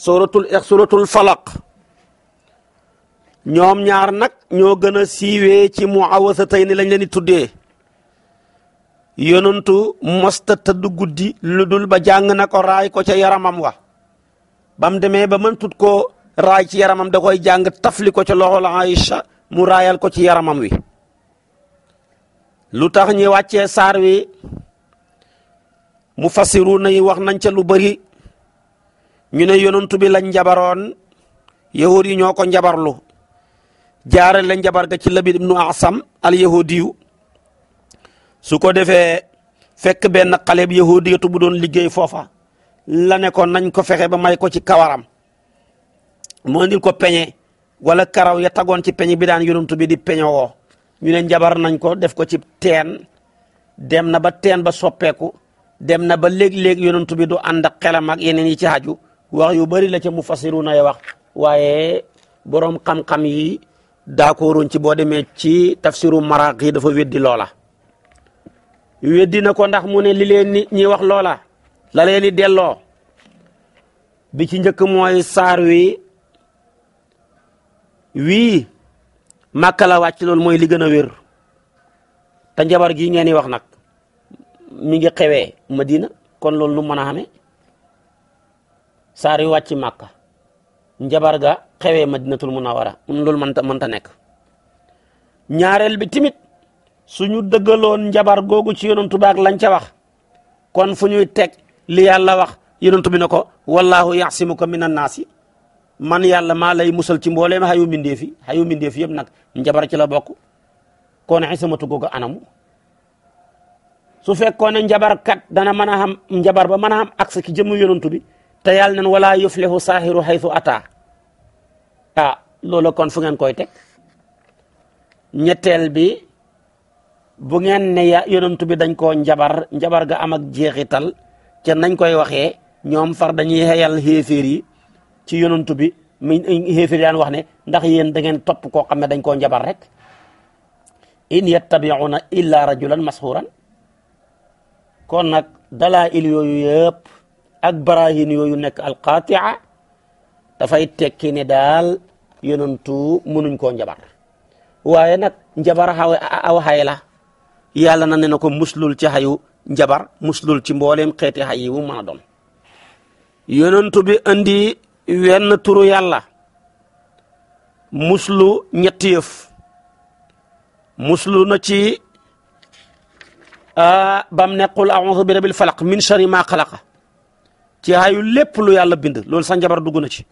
suratul eh, suratul falaq ñoom ñaar nag ñoo gën a siiwee ci muawasatayni lañ leen di tuddee yonantu mosta tëdd guddi lu dul ba jàng na ko raay ko ca yaramam wa bam demee ba mën tut ko raay ci yaramam da koy jàng tafli ko ca loxol Aïcha mu raayal ko ci yaramam wi lu tax ñi wàccee saar wi mufassiruuna yi wax nañ ca lu bari ñu ne yonantu bi lañ njabaroon yahud yi ñoo ko njabarlu jaare lañ njabar ga ci labid ibnu asam al yahudiyu su ko defee fekk benn xale bi yahudiyatu bu doon liggéey foofa la ne ko nañ ko fexe ba may ko ci kawaram mu indil ko peñe wala karaw ya tagoon ci peñe bi daan yonantu bi di peñewoo ñu ne njabar nañ ko def ko ci teen dem na ba teen ba soppeeku dem na ba léeg-léeg yonantu bi du ànd ak xelam yeneen yi ci haju wax yu bari la ca mu fassiruna ya wax waaye borom xam-xam yi d'accorduñ ci boo demee ci tafsiru maraq yi dafa weddi loola. weddi na ko ndax mu ne li ni nit ñi wax loola la leen di delloo bi ci njëkk mooy saar wi wii màkka la wàcc loolu mooy li gën a wér te njabar gii ngeen di wax nag mi ngi Madina kon loolu nu mën a saar yu wàcc màkka njabar ga xewee madinatul munawara loolu mënta mënta nekk ñaareel bi timit suñu dëggaloon njabar googu ci yonantu baak lañ ca wax kon fu ñuy teg li yàlla wax yonantu bi ne ko wallahu yasimuka min annaasi man yàlla ma lay musal ci mbooleem xayu mbindeef yi xayu mbindeef yëpp nag njabar ci la bokk kon isamatu googu anamu su fekkoon ne njabarkat dana mën a xam njabar ba mën a xam accès ci jëmm yonantu bi te yàlla nan wala yuflihu saahiru haythu ata ah loolu kon fu ngeen koy teg ñetteel bi bu ngeen ne ya yonent bi dañ koo njabar njabar ga am ak jeexital ca nañ koy waxe ñoom far dañuy xeyal xéeféer yi ci yonent bi mi xéeféer wax ne ndax yéen dangeen topp koo xam ne dañ koo njabar rek in yattabi'una illa rajulan mashuran kon nag dalaa il yooyu ak barahin yooyu nekk alqatia dafay tekki ne daal yonantu mënuñ koo njabar waaye nag njabar xaw aw xay la yàlla na ne na ko muslul ci xayu njabar muslul ci mbooleem xeeti xay wu bi andi wenn turu yàlla muslu ñetti yëf muslu na ci ah, bam ne a a'uudu bi rabbil falaq min sharri ma xalaqa ci ayu lépp lu yàlla bind loolu sa njabar dugg na ci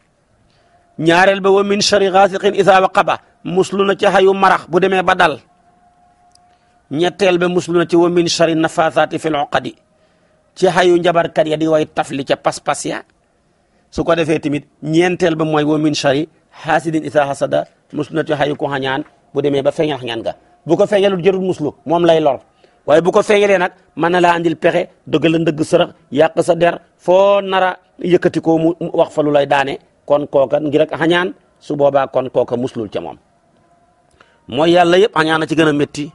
ñaareel ba wo min chari xaasiqin isaa waqaba muslu na ci ayu marax bu demee ba dal ñetteel ba muslu na ci wo min chari nafaasaati fil uqadi ci ayu njabarkat ya di way tafli ca pas-pas ya su ko defee tamit ñeenteel ba mooy wa min chari xaasidin isaa hasada muslu na ci ayu ko xañaan bu demee ba feeñal xañaan ga bu ko feeñalul jërul muslu moom lay lor waaye bu ko feeñalee nag mën na laa andil pexe dëgg la ndëgg sërëx yàq sa der foo nara yëkkati ko mu wax fa lu lay daane kon kooka ngir ak xañaan su boobaa kon kooka muslul ca moom mooy yàlla yëpp xañaan a ci gën a métti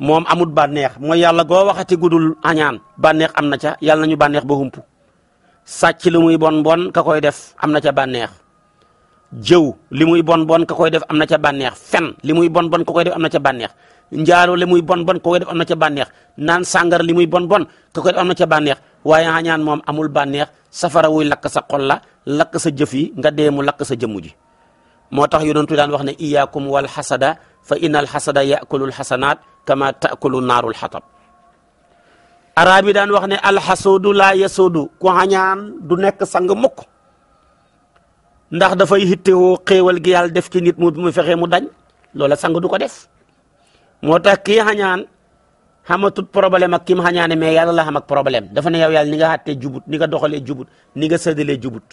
moom amut bànneex mooy yàlla goo waxati gudul añaan bànneex am na ca yàlla nañu bànneex ba hump sàcc li muy bon bon ka koy def am na ca bànneex jëw li muy bon bon ka def am na ca bànneex fen li muy bon bon ka koy def am na ca bànneex njaalo li muy bon bon ko koy def am na ca bànneex naan sàngara li muy bon bon ko koy def am na ca bànneex waaye añaan moom amul bànneex safara wuy lakk sa xol la lakk sa jëf yi nga dee mu lakk sa jëmm ji moo tax yonentu daan wax ne iyaakum wal xasada fa innal xasada yaakulul xasanaat kama taakulu naarul xatab arab daan wax ne alxasoodu laa yasoodu du nekk sang mukk ndax dafay hittewoo xéewal gi yàlla def ci nit mu mu fexe mu dañ loola sang du ko def moo tax kii xañaan xamatut problème ak ki mu xañaane mais yàlla la xam ak problème dafa ne yow yàlla ni nga xàttee jubut ni nga jubut ni nga sëddalee jubut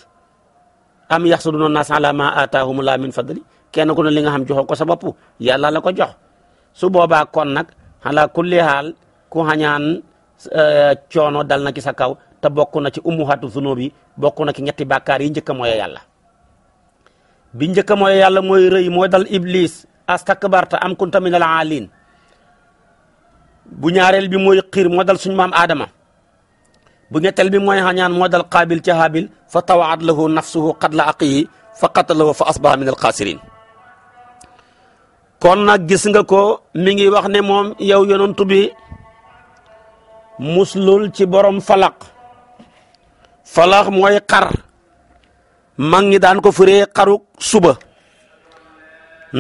am yaxsuduna naas ala ma aataahum laa min fadli kenn ku ne li nga xam joxoo ko sa bopp yàlla la ko jox su boobaa kon nag ala kulli haal ku xañaan euh, coono dal na ki sa kaw te bokk na ci ummuhatu zunub yi bokk na ci ñetti bàkkaar yi njëkk a mooy yàlla bi njëkk a mooy yàlla mooy rëy moo dal iblis astakbarta am kunta min bu ñaareel bi mooy xiir moo dal suñu maam aadama bu ñetteel bi mooy xañaan moo dal qaabil ci haabil fa tawaat lahu nafsuhu qatla yi fa qatalahu fa asbaha min alxaasirin kon nag gis nga ko mi ngi wax ne moom yow yonantu bi muslul ci borom falaq falaq mooy xar mag ñi daan ko firee xaruk suba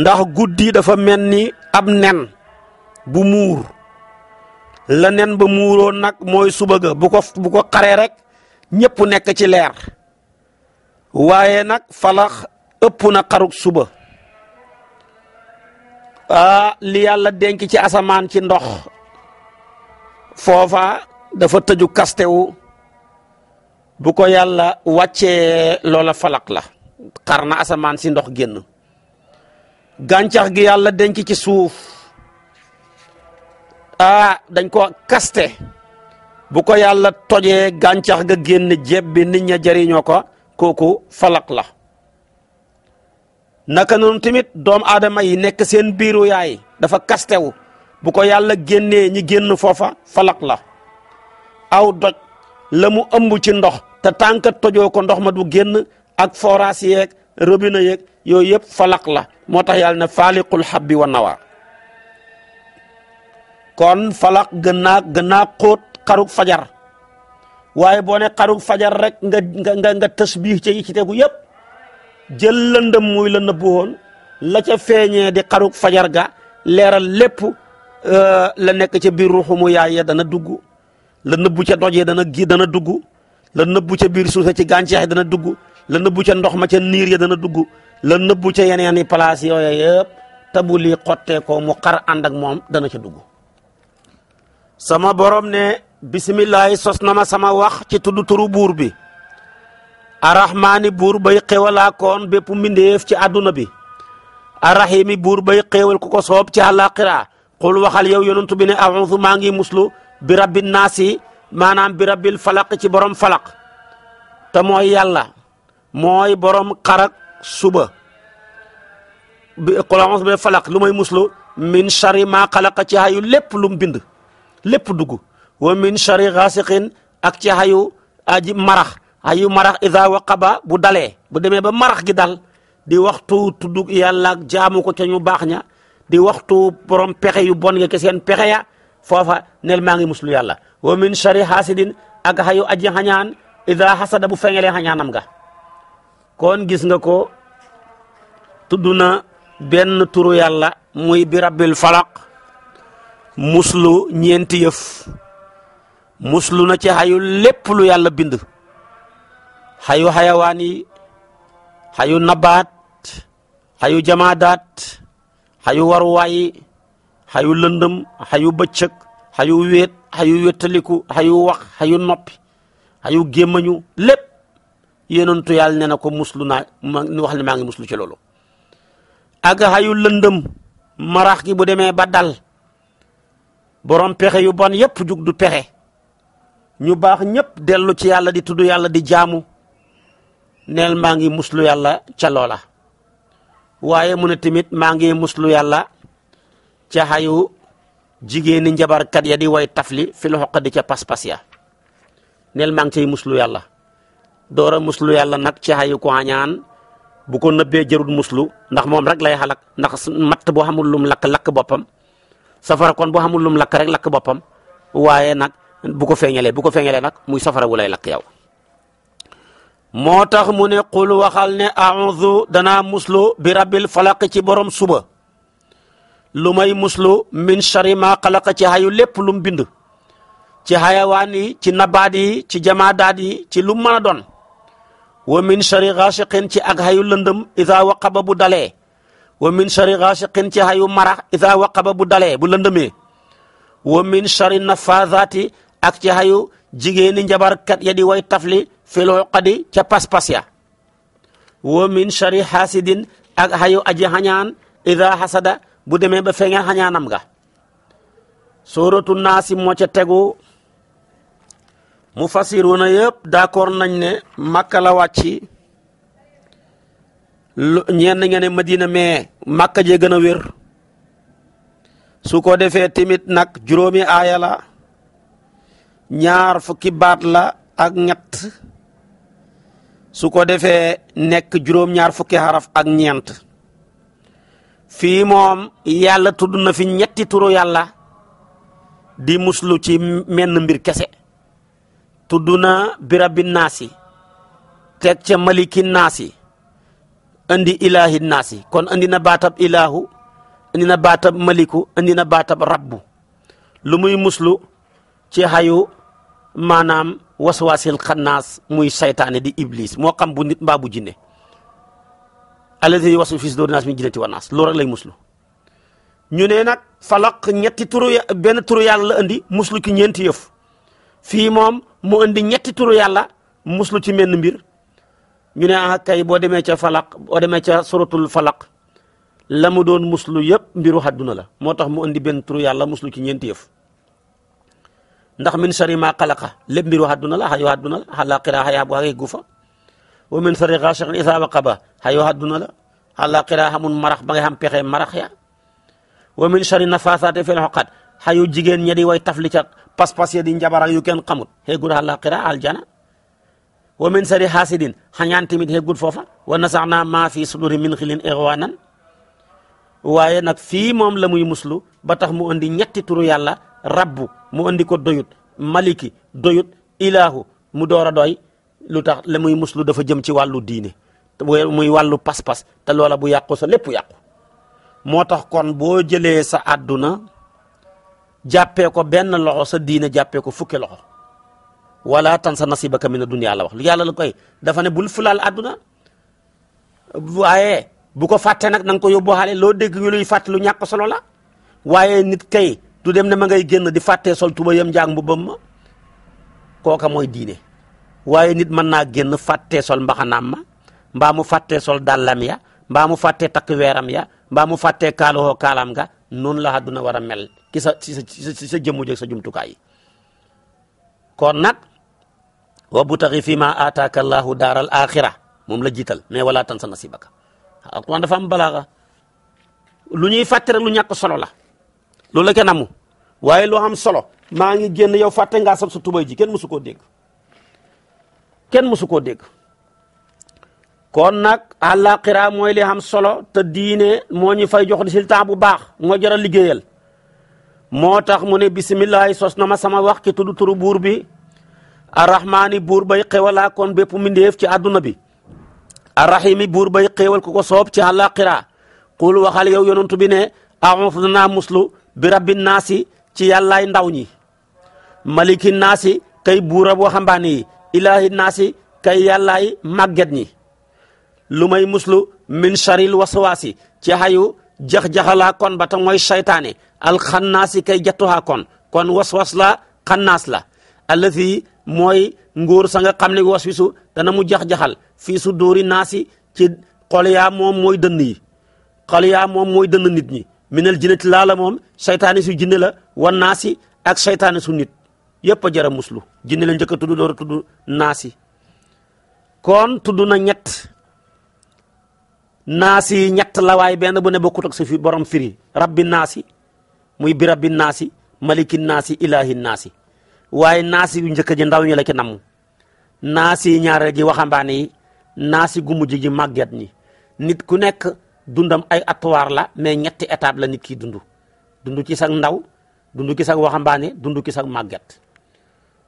ndax guddi dafa mel ni ab nen bu muur la nen ba muuroon nag mooy suba ga bu ko bu ko xaree rek ñëpp nekk ci leer waaye nag falax ëpp na xaruk suba ah li yàlla denc ci asamaan ci ndox foofa dafa tëju kastewu bu ko yàlla wàccee loola falak la kar na asamaan si ndox génn gàncax gi yàlla denc ci suuf ah dañ ko kaste bu ko yàlla tojee gàncax ga génn jéb bi nit ña jariñoo ko kooku falak la naka noonu tamit doom aadama yi nekk seen biiru yaay dafa kastewu bu ko yàlla génnee ñi génn foofa falak la aw doj la mu ëmb ci ndox te tànk tojoo ko ndox ma du génn ak forage yeeg robinet yeeg yooyu yëpp falak la moo tax yàlla na faaliqul xabi wa nawa kon falaq gën naa gën naa xóot xarug fajar waaye boo ne xarug fajar rek nga nga nga tasbih ca yi ci tegu yëpp jël lëndëm muy la nëbbu woon la ca feeñe di xarug fajar ga leeral lépp euh, la nekk ca biir ruxumu yaay ya dana dugg la nëbbu ca doj dana gi dana dugg la nëbbu ca biir suufe ci gàncax yi dana dugg la nëbbu ca ndox ma ca niir ya dana dugg la nëbbu ca yeneen i place yooya yëpp tabu lii xottee ko mu xar ànd ak moom dana ca dugg sama borom ne bisimilahi sos na ma sama wax ci tudd turu buur bi arahmaani buur bay xewalaa koon bépp mbindéef ci àdduna bi arahimi buur bay xéewal ku ko soob ci àllaaxira xul waxal yow yonantu bi ne auusu maa ngi muslu bi rabbi naasi maanaam bi rabbil falaq ci borom falaq te mooy yàlla mooy borom xarak suba bi xul auusu bi falaq lu may muslu min chari maa xalaqa ci hayu lépp lu bind lépp dugg wa shari xaasiqin ak ci xayu aji marax xayu marax ida waqaba bu dalee bu demee ba marax gi dal di waxtu tuddug yàlla jamu ko ca ñu baax ña di waxtu borom pexe yu bon nga ke seen pexe ya foofa nel maa ngi muslu yàlla wa min shari xaasidin ak xayu aji xañaan ida xasada bu feŋelee xañaanam nga kon gis nga ko tudd na benn turu yàlla muy bi rabbil falaq muslu ñeenti yëf muslu na ci xayu lépp lu yàlla bind xayu xayawaan yi xayu nabaat xayu jamaadaat xayu waruwaay yi lëndëm xayu bëccëg xayu wéet xayu wéttaliku xayu wax xayu noppi xayu gémmañu lépp yéenantu yàlla ne na ko muslu na ma wax ne maa ngi muslu ci loolu ak xayu lëndëm marax gi bu demee ba dal borom pexe yu bon yëpp jug du pexe ñu baax ñëpp dellu ci yàlla di tudd yàlla di jaamu nel maa ngi muslu yàlla ca waaye mu ne maa ngi muslu yàlla ca xayu jigéeni njabarkat ya di way tafli fi la di ca pas-pas ya neel maa ngi cay muslu yàlla door a muslu yàlla nag ca xayu ko añaan bu ko nëbbee jarul muslu ndax moom rek lay xalak ndax mat boo xamul lum lakk-lakk boppam safara kon bu xamul lum lakk rek lakk boppam waaye nag bu ko feeñalee bu ko feeñalee nag muy safara wulay lay lakk yow. moo tax mu ne qul waxal ne a'udhu danaa muslu bi rabbil falaq ci borom suba lu may muslu min sharri ma xalaqa ci xayu lépp lu bind ci xayawaan yi ci nabaat yi ci jamaadaat yi ci lu mën a doon wa min sharri ghasiqin ci ak xayu lëndëm idha waqaba bu dale wa min shari ghasiqin ci xayu mara ida waqaba bu dalee bu lëndëmee wa min shari nafazaati ak ci xayu jigéeni njabarkat ya di way tafli fil uqadi ca pas ya wa min shari hasidin ak xayu aji xañaan ida hasada bu demee ba feeñal xañaanam ga sóoratu naasi moo ca tegu mufassiruuna yëpp d'accord nañ ne makka la lu ñenn ña ne Madina mais Makka jee gën a wér su ko defee tamit nag juróomi aaya la ñaar fukki baat la ak ñett su ko defee nekk juróom-ñaar fukki xaraf ak ñeent fii moom yàlla tudd na fi ñetti turu yàlla di muslu ci menn mbir kese tudd na birabi naasi teg ca maliki naasi andi ilaahi naas yi kon andi na baatab ilaahu andi na baatab maliku andi na baatab rabbu lu muy muslu ci xayu maanaam waswaasil xannaas muy saytaane di iblis moo xam bu nit mbaa bu jinne alladi wasu fii suduuri naas min jinnati wa naas loolu rek lay muslu ñu ne nag falaq ñetti turu benn turu yàlla la andi muslu ci ñeenti yëf fii moom mu andi ñetti turu yàlla muslu ci menn mbir ñu ne ah kay boo demee ca falaq boo demee ca suratul falaq la mu doon muslu yëpp mbiru àdduna la moo tax mu indi benn turu yàlla muslu ci ñeenti yëf ndax min sharri maa xalaqa lépp mbiru àdduna la xayu àdduna la xalaqira xayaa bu xagee gufa wa min sharri xaasiqin isaa waqaba xayu àdduna la xalaqira xamul marax ba nga xam pexe marax ya wa min sharri nafaasaati fil xoqaat xayu jigéen ña di way tafli ca pas-pas ya di yu kenn xamut xeegul xalaqira aljana wa min sari hasidin xañaan tamit heggul foofa wa nasaxna ma fi suduri min xilin ixwanan waaye nag fii moom la muy muslu ba tax mu andi ñetti turu yàlla rabbu mu andi ko doyut maliki doyut ilaahu mu door a doy lu tax la muy muslu dafa jëm ci wàllu diine muy wàllu pas-pas te loola bu yàqu sa lépp yàqu moo tax kon boo jëlee sa àdduna jàppee ko benn loxo sa diine jàppee ko fukki loxo wala tansa nasibaka mina dunya la wax lu yàlla koy dafa ne bul fulal àdduna waaye bu ko fàtte nag na nga ko yóbbu xaale loo dégg ñu luy fàtte lu ñàkk solo la waaye nit kay du dem ne ma ngay génn di fàttee sol tuba yam njaag mbubbam ma kooka mooy diine waaye nit mën naa génn fàttee sol mbaxanaam ma mbaa mu fàttee sol dàllam ya mbaa mu fàttee takk weeram ya mbaa mu fàttee kaalohoo kaalaam nga noonu la àdduna war a mel ki sa ci sa ci sa sa jumtukaay kon wa butaxi fi ma aataaka llaahu daaral axira moom la jiital mais wala tansa nasibaka alquran dafa am balaaxa lu ñuy fàtte lu ñàkk solo la loolu la kenn amu waaye loo am solo maa ngi génn yow fàtte nga sab sa tubay ji kenn mësu koo dégg kenn mësu koo dégg kon nag àllaaxira mooy li am solo te diine moo ñu fay jox résultat bu baax moo jar a liggéeyal moo tax mu ne bisimilah sos na ma sama wax ci tudd turu buur bi arrahmaani buur bay xewalaa kon bépp mbindéef ci àdduna bi arrahimi buur bay xewal ku ko soob ci àllaaxira qul waxal yow yonantu bi ne a'uuzu naa muslu bi rabbi naasi ci yàllaay ndaw ñi maliki naasi kay buura waxambaane yi ilaahi naasi kay yàllaay màgget ñi lumay muslu min sharil waswaasi ci xayu jax-jaxalaa kon ba ta mooy saytaane alxannaasi kay jattuhaa kon kon waswas la xannaas la mooy ngóor sa nga xam ne was fi su dana mu jax-jaxal fi su dóori naasi ci xol yaa moom mooy dënn yi xol yaa moom mooy dënn nit ñi minal jinnati laa la moom seytaane su jinne la wan naasi ak seytaane su nit yëpp a jara muslu jinne la njëkk a tudd door a tudd naasi kon tudd na ñett naasi ñett lawaay waaye benn bu ne bokkut ak sa fi borom firi rabbi naasi muy bi rabbi naasi maliki naasi ilaahi naasi waaye naasi yu njëkk ji ndaw ñi la ci namm naasi ñaareel ji waxambaane yi naasi gu mujj ji màgget ñi nit ku nekk dundam ay atuwaar la mais ñetti étape la nit ki dundu dundu ci sag ndaw dund ci sag waxambaane dund ci sag màgget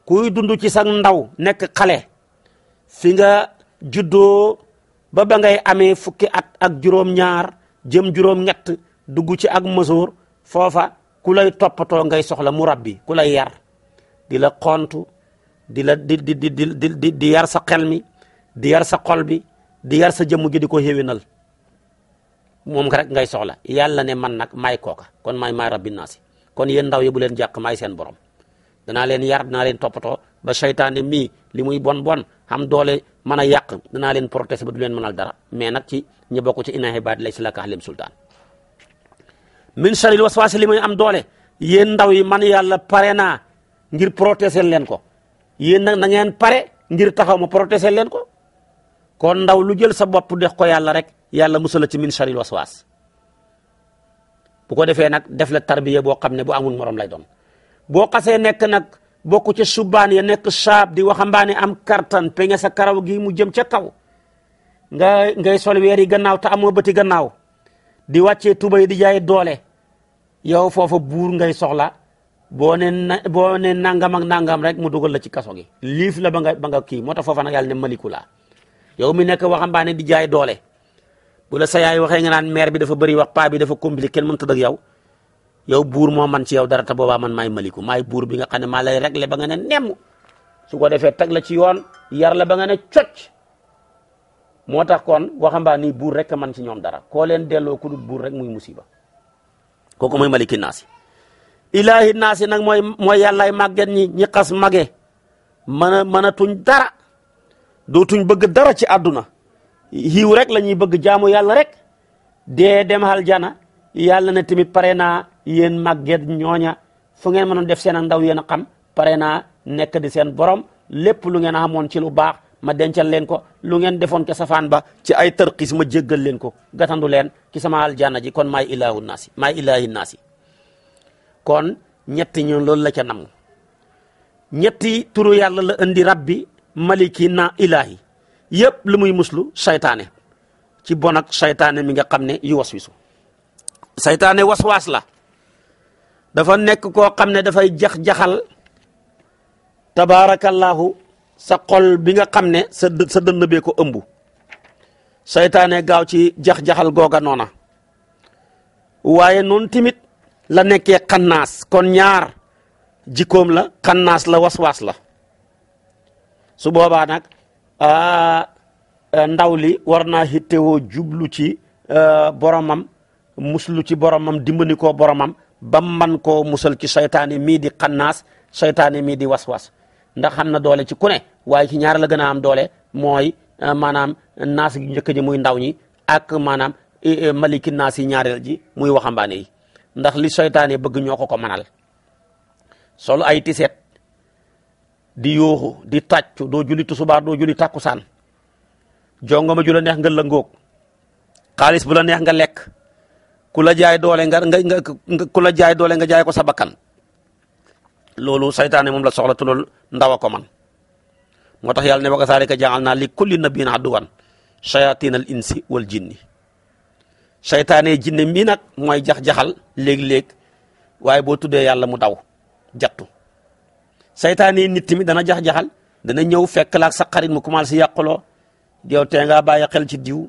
kuy dund ci sag ndaw nekk xale fi nga juddoo ba ba ngay amee fukki at ak juróom-ñaar jëm juróom-ñett dugg ci ak mësoor foofa ku lay toppatoo ngay soxla mu rabbi ku lay yar di la xontu di la di di di di di yar sa xel mi di yar sa xol bi di yar sa jëmm gi di ko xéwénal moom rek ngay soxla yàlla ne man nag maay kooka kon may maay rabbi naasi kon yéen ndaw ye bu leen jàq maay seen borom danaa leen yar naa leen toppatoo ba seytaane mi li muy bon bon am doole mën a yàq danaa leen protéger ba du leen mënal dara mais nag ci ñi bokk ci inna baat lay si la kaalim sultaan min sharil waswaasi li am doole yéen ndaw yi man yàlla ngir protéger leen ko yéen nag na ngeen pare ngir taxaw ma protéger leen ko kon ndaw lu jël sa bopp dex ko yàlla rek yàlla musala ci min sharil was bu ko defee nag def la tarbiya boo xam ne bu amul morom lay doon boo xasee nekk nag bokk ca subaan ya nekk saab di waxambaane am kartan peñe sa karaw gi mu jëm ca kaw nga ngay sol weeri yi gannaaw te amoo bëti gannaaw di wàccee tuba yi di jaay doole yow foofa buur ngay soxla boo ne na boo ne nangam ak nangam rek mu dugal la ci kaso gi liif la ba nga ba nga kii moo tax foofa nag yàlla ne laa yow mi nekk waxambaane di jaay doole bu sa yaay waxee nga naan maire bi dafa bëri wax paa bi dafa compliqué kenn mënut ta dëgg yow yow buur moo man ci yow dara te boobaa man maay maliku maay buur bi nga xam ne maa rek réglé ba nga ne nemm su ko defee teg la ci yoon yar la ba nga ne cocc moo tax kon waxambaani buur rek man ci ñoom dara koo leen delloo ku buur rek muy musiba kooku mooy maliki ilaahi naas yi nag mooy mooy yàllaay màgget ñi ñi xas mage mën a mën tuñ dara dootuñ bëgg dara ci àdduna xiiw rek la ñuy bëgg jaamu yàlla rek dee dem aljana yàlla ne tamit pare na yéen màgget ñooña fu ngeen mënoon def seen ndaw yéen a xam pare na nekk di seen borom lépp lu a amoon ci lu baax ma dencal leen ko lu ngeen defoon ke safaan ba ci ay tërxis ma jéggal leen ko gatandu leen ci sama aljanna ji kon maay ilaahu naasi maay ilaahi naasi kon ñetti ñun loolu la ca nam ñetti turu yàlla la indi rabbi maliki na ilahi yëpp lu muy muslu seytaane ci bon ak saytaane mi nga xam ne yu seytaane saytaane waswaas la dafa nekk koo xam ne dafay jax-jaxal tabaarakallaahu sa xol bi nga xam ne sa dënn bee ko ëmbu saytaane gaaw ci jax-jaxal googa noona waaye noonu tamit la nekkee kannaas kon ñaar jikkoom la kannaas la waswaas la su boobaa nag ndaw li war naa hittewoo jublu ci boromam muslu ci boromam dimbali ko boromam ba man koo musal ci seytaane mii di xannaas seytaane mii di waswas nda xam na doole ci ku ne waaye ci ñaar la gën am doole mooy maanaam naas gi njëkk ji muy ndaw ñi ak maanaam maliki naas yi ñaareel ji muy waxambaane yi ndax li seytaane bëgg ñoo ko ko manal solo ay tiset di yooxu di tàccu doo julli tusubaar doo julli tàkkusaan jongoma ju la neex nga lëngoog xaalis bu la neex nga lekk ku la jaay doole nga nga nga jaay doole nga jaay ko sa bakkan loolu saytaane moom la soxla te loolu ndaw a ko man moo tax yàlla ne wa kazaalika ja'alnaa li kulli nabiyyin aduwwan shayaatina al insi wal jinni seytaane jinne mii nag mooy jax-jaxal léeg-léeg waaye boo tuddee yàlla mu daw jattu seytaane nit tamit dana jax-jaxal dana ñëw fekk laak sa xarit mu commencé yàquloo yow tee ngaa bàyyi xel ci diw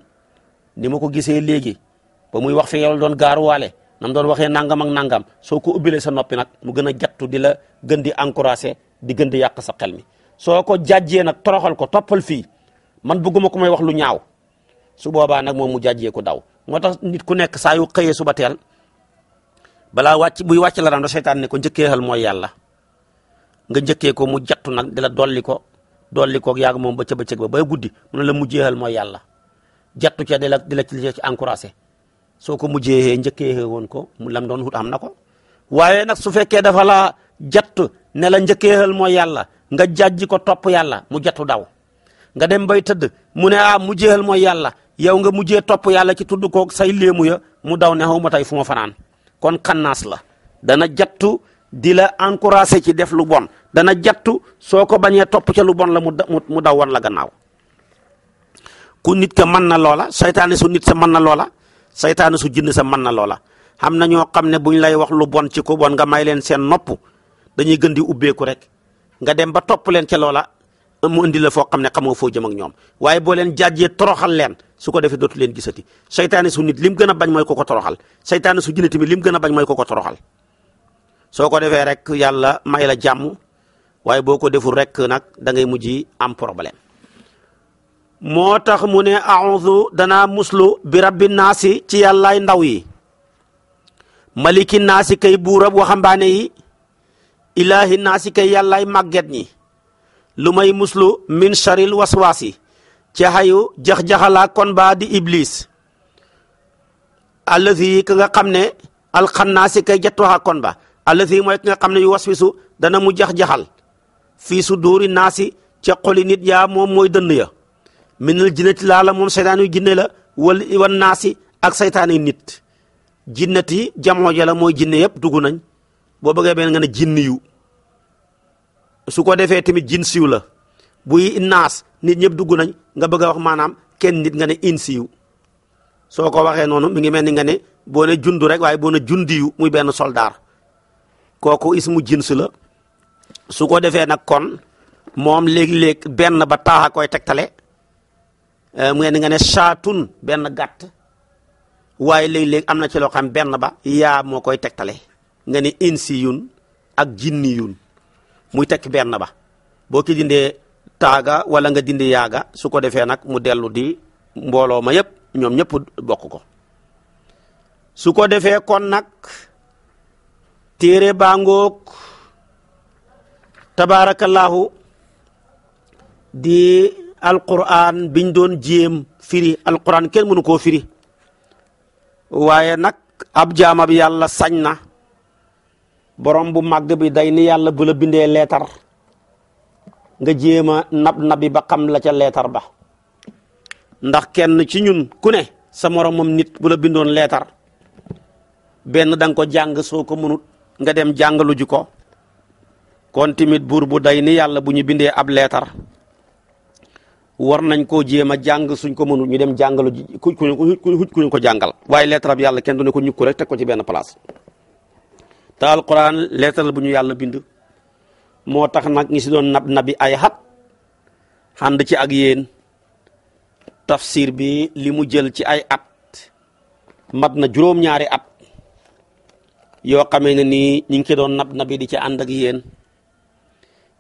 ni ma ko gisee léegi ba muy wax fi yow doon gaaruwaale nam doon waxee nangam ak nangam soo ko ubbilee sa noppi nag mu gën a jattu di la gën di encouragé di gën di yàq sa xel mi soo ko jàjjee nag toroxal ko toppal fii man bëgguma ko may wax lu ñaaw su boobaa nag moom mu jàjjee ko daw moo tax nit ku nekk saa yu xëyee ba teel balaa wàcc buy wàcc la daan seytaan ne ko njëkkeexal mooy yàlla nga njëkkee ko mu jattu nag di dolli ko dolli ko yàgg moom ba ca bëccëg ba ba guddi mu ne la mujjeexal mooy yàlla jattu ca di la di la ci encouragé soo ko mujjeexee njëkkeexee woon ko mu lam doon wut am na ko waaye nag su fekkee dafa la jattu ne la njëkkeexal mooy yàlla nga jàjji ko topp yàlla mu jattu daw nga dem bay tëdd mu ne mu ah, mujjeexal mooy yàlla yow nga mujjee topp yàlla ci tudd kook say léemu ya mu daw ne xaw ma tey fu ma fanaan kon kannaas la dana jattu di la encouragé ci def lu bon dana jattu soo ko bañee topp ca lu bon la mu daw wan la gannaaw ku nit ka mën na loola saytaane su nit sa mën na loola saytaane su jinn sa mën na loola xam na ñoo xam ne buñ lay wax lu bon ci ku bon nga may leen seen nopp dañuy gën di ubbeeku rek nga dem ba topp leen ca loola mu indi la foo xam ne xamoo foo jëm ak ñoom waaye boo leen jàjjee toroxal leen su ko defee dootu leen gisati seytaane su nit lim gën a bañ mooy ko ko toroxal seytaane su jinne tamit lim gën a bañ mooy ko ko toroxal soo ko defee rek yàlla mayla jàmm waaye boo ko deful rek nag da ngay mujj am problème moo tax mu ne a'udhu danaa muslu bi rabbi naasi ci yàllaay ndaw yi maliki naasi kay buura waxambaane yi ilaahi naasi kay yàllaay màgget ñi lu may muslu min sharil waswaasi ci xayu jax-jaxalaa kon baa di iblis allazi ka nga xam ne alxannaasi kay jattuwaa kon ba allazi mooy ki nga xam ne yu waswisu dana mu jax-jaxal fii su duuri nasi ca xoli nit yaa moom mooy dënn ya minal jinnati laa la moom seytaan yu jinne la wal wan naasi ak seytaan yi nit jinnati jamoo ja mooy jinne yëpp dugg nañ boo bëggee benn nga ne jinn yu su ko defee tamit jin siw la buy naas nit ñëpp dugg nañ nga bëgg a wax maanaam kenn nit nga ne insiyu soo ko waxee noonu mi ngi mel ni nga ne boo ne jundu rek waaye boo ne yu muy benn soldaar kooku ismu jins la su ko defee nag kon moom léegi-léeg benn ba taaxa koy tegtale eh, muy ngeen nga ne saatun benn gàtt waaye léegi-léeg am na ci loo benn ba yaa moo koy tegtale nga ne insiyun ak jinniyun muy tekk benn ba boo ki taaga wala nga dindi yaaga su ko defee nag mu dellu di mbooloo ma yëpp ñoom ñëpp bokk ko su ko defee kon nag téere baangook ngoog tabaarakallaahu di alquran biñ doon jéem firi alquran kenn mënu koo firi waaye nag ab jaamab yàlla sañ na borom bu màgg bi day ni yàlla bula bindee leetar nga jéem a nab nabi ba xam la ca leetar ba ndax kenn ci ñun ku ne sa moromam nit bu la bindoon leetar benn da nga ko jàng soo ko mënut nga dem jàngalu ko kon tamit buur bu day ni yàlla bu ñu bindee ab leetar war nañ koo jéem a jàng suñ ko mënut ñu dem jàngalu ji ku ku ñu ko jàngal waaye leetar bi yàlla kenn du ne ko ñukku rek teg ko ci benn place te alquran leetar la bu ñu yàlla bind moo tax nag ñi si doon nab nabi ay xat ànd ci ak yéen tafsir bi li mu jël ci ay at mat na juróom-ñaari at yoo xamee ne nii ñu ngi ci doon nab nabi di ci ànd ak yéen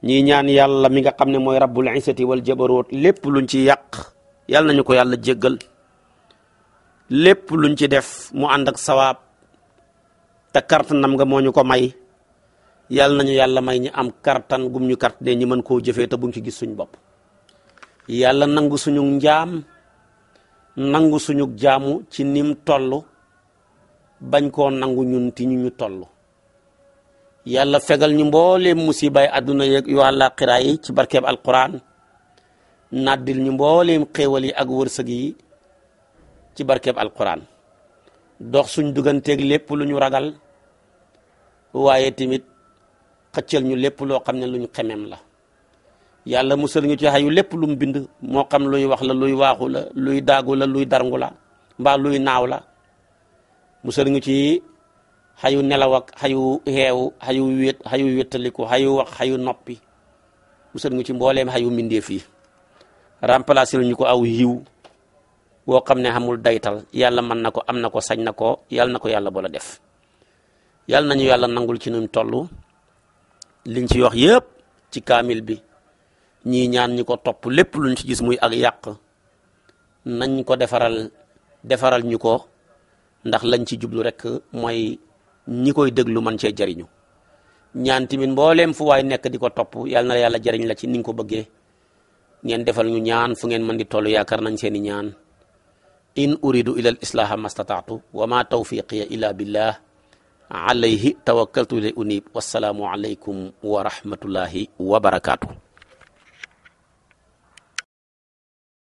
ñii ñaan yàlla mi nga xam ne mooy rabbul isati wal jabaroot lépp luñ ci yàq yàlla nañu ko yàlla jéggal lépp luñ ci def mu ànd ak sawaab te kàrtanam nga moo ñu ko may yàlla nañu yàlla may ñi am kartan gum ñu kart ne ñi mën koo jëfee te ñu ci gis suñ bopp yàlla nangu suñu njaam nangu suñu jaamu ci nim toll bañ koo nangu ñun ti ñu ñu toll yàlla fegal ñu mbooleem musibaay àdduna yeeg yu àllaaxira yi ci barkeeb alquran nàddil ñu mbooleem xéewal yi ak wërsëg yi ci barkeeb alquran dox suñ dugganteeg lépp lu ñu ragal waaye tamit xëccal ñu lépp loo xam ne lu ñu xemem la yàlla musal ñu ci xayu lépp lu mu bind moo xam luy wax la luy waaxu la luy daagu la luy darngu la mbaa luy naaw la musal ñu ci xayu nelaw ak xayu xeew xayu wét xayu wéttaliku xayu wax xayu noppi musal ñu ci mbooleem xayu mbindeef yi remplacer ñu ko aw yiw woo xam ne xamul daytal yàlla mën na ko am na ko sañ na ko yàlla na ko yàlla boola def yàlla nañu yàlla nangul ci nuñ toll liñ ci wax yëpp ci kaamil bi ñii ñaan ñi ko topp lépp luñ ci gis muy ak yàq nañ ko defaral defaral ñu ko ndax lañ ci jublu rek mooy ñi koy déglu man cee jariñu ñaan tamit mbooleem fu waay nekk di ko topp yàlla na yàlla jariñ la ci ni nga ko bëggee ngeen defal ñu ñaan fu ngeen mën di toll yaakaar nañ seeni ñaan in uridu ila al islaha mastataatu wa ma tawfiqiya illa billah alayhi tawakkaltu ilay unib wasalaamu aleykum wa rahmatullahi wa barakaatu